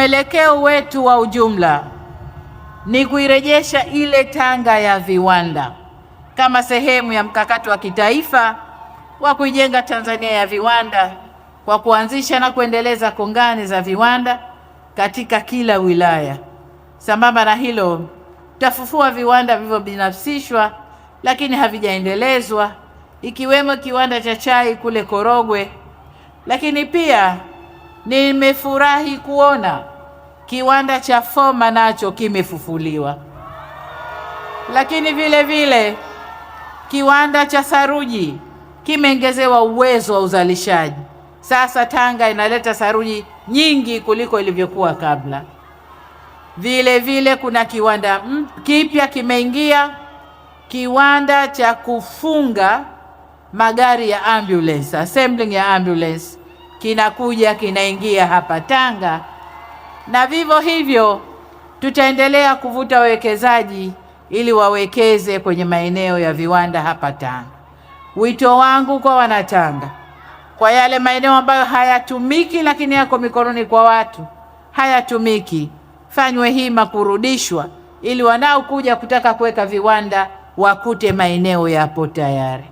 Mwelekeo wetu wa ujumla ni kuirejesha ile Tanga ya viwanda kama sehemu ya mkakati wa kitaifa wa kuijenga Tanzania ya viwanda kwa kuanzisha na kuendeleza kongani za viwanda katika kila wilaya. Sambamba na hilo, tafufua viwanda vilivyobinafsishwa lakini havijaendelezwa ikiwemo kiwanda cha chai kule Korogwe, lakini pia nimefurahi kuona kiwanda cha Foma nacho kimefufuliwa, lakini vile vile kiwanda cha saruji kimeongezewa uwezo wa uzalishaji. Sasa Tanga inaleta saruji nyingi kuliko ilivyokuwa kabla. Vile vile kuna kiwanda kipya kimeingia, kiwanda cha kufunga magari ya ambulance, assembling ya ambulance, kinakuja kinaingia hapa Tanga na vivyo hivyo tutaendelea kuvuta wawekezaji ili wawekeze kwenye maeneo ya viwanda hapa Tanga. Wito wangu kwa Wanatanga, kwa yale maeneo ambayo hayatumiki lakini yako mikononi kwa watu, hayatumiki, fanywe hima kurudishwa, ili wanaokuja kutaka kuweka viwanda wakute maeneo yapo tayari.